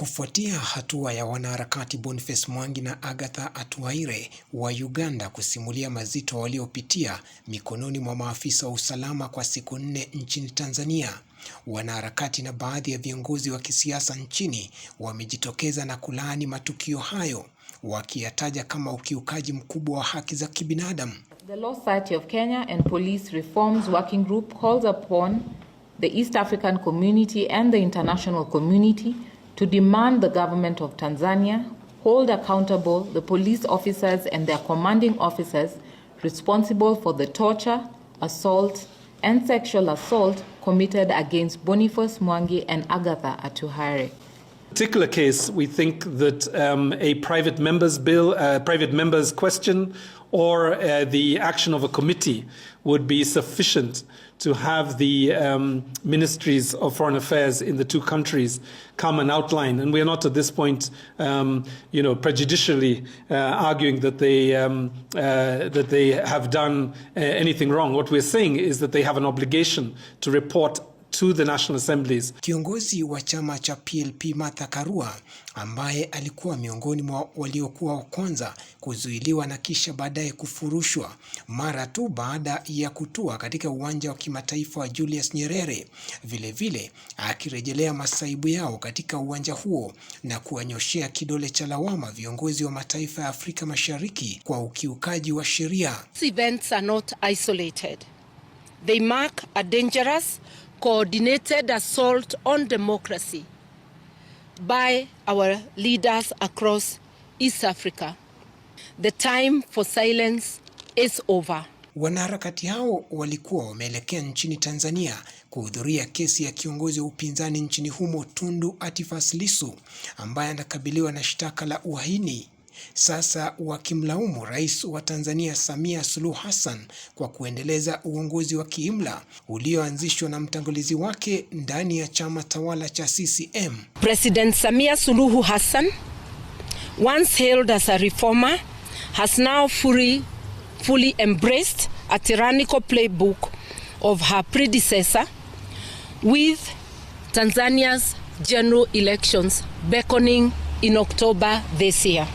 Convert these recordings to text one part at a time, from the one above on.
Kufuatia hatua ya wanaharakati Boniface Mwangi na Agatha Atuhaire wa Uganda kusimulia mazito waliopitia mikononi mwa maafisa wa usalama kwa siku nne nchini Tanzania, wanaharakati na baadhi ya viongozi wa kisiasa nchini wamejitokeza na kulaani matukio hayo, wakiyataja kama ukiukaji mkubwa wa haki za kibinadamu. The Law Society of Kenya and Police Reforms Working Group calls upon the East African community and the international community to demand the government of Tanzania hold accountable the police officers and their commanding officers responsible for the torture, assault, and sexual assault committed against Boniface Mwangi and Agatha Atuhaire particular case, we think that um, a private members bill, uh, private members question, or uh, the action of a committee would be sufficient to have the um, ministries of foreign affairs in the two countries come and outline. And we are not at this point, um, you know, prejudicially uh, arguing that they um, uh, that they have done uh, anything wrong. What we're saying is that they have an obligation to report to the National Assemblies. Kiongozi wa chama cha PLP Martha Karua ambaye alikuwa miongoni mwa waliokuwa wa kwanza kuzuiliwa na kisha baadaye kufurushwa mara tu baada ya kutua katika uwanja wa kimataifa wa Julius Nyerere, vilevile akirejelea masaibu yao katika uwanja huo na kuwanyoshea kidole cha lawama viongozi wa mataifa ya Afrika Mashariki kwa ukiukaji wa sheria. These events are not isolated. They mark a dangerous coordinated assault on democracy by our leaders across East Africa. The time for silence is over. Wanaharakati hao walikuwa wameelekea nchini Tanzania kuhudhuria kesi ya kiongozi wa upinzani nchini humo Tundu Antipas Lissu ambaye anakabiliwa na shtaka la uhaini sasa wakimlaumu rais wa Tanzania Samia Suluhu Hassan kwa kuendeleza uongozi wa kiimla ulioanzishwa na mtangulizi wake ndani ya chama tawala cha CCM. President Samia Suluhu Hassan once hailed as a reformer has now fully, fully embraced a tyrannical playbook of her predecessor with Tanzania's general elections beckoning in October this year.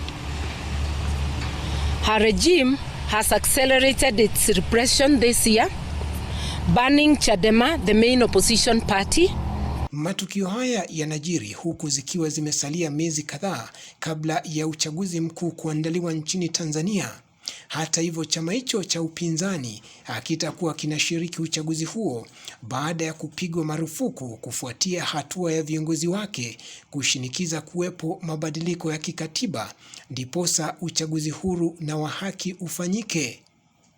Her regime has accelerated its repression this year, banning Chadema, the main opposition party. Matukio haya yanajiri huku zikiwa zimesalia miezi kadhaa kabla ya uchaguzi mkuu kuandaliwa nchini Tanzania hata hivyo, chama hicho cha upinzani hakitakuwa ah, kinashiriki uchaguzi huo baada ya kupigwa marufuku kufuatia hatua ya viongozi wake kushinikiza kuwepo mabadiliko ya kikatiba ndiposa uchaguzi huru na wa haki ufanyike.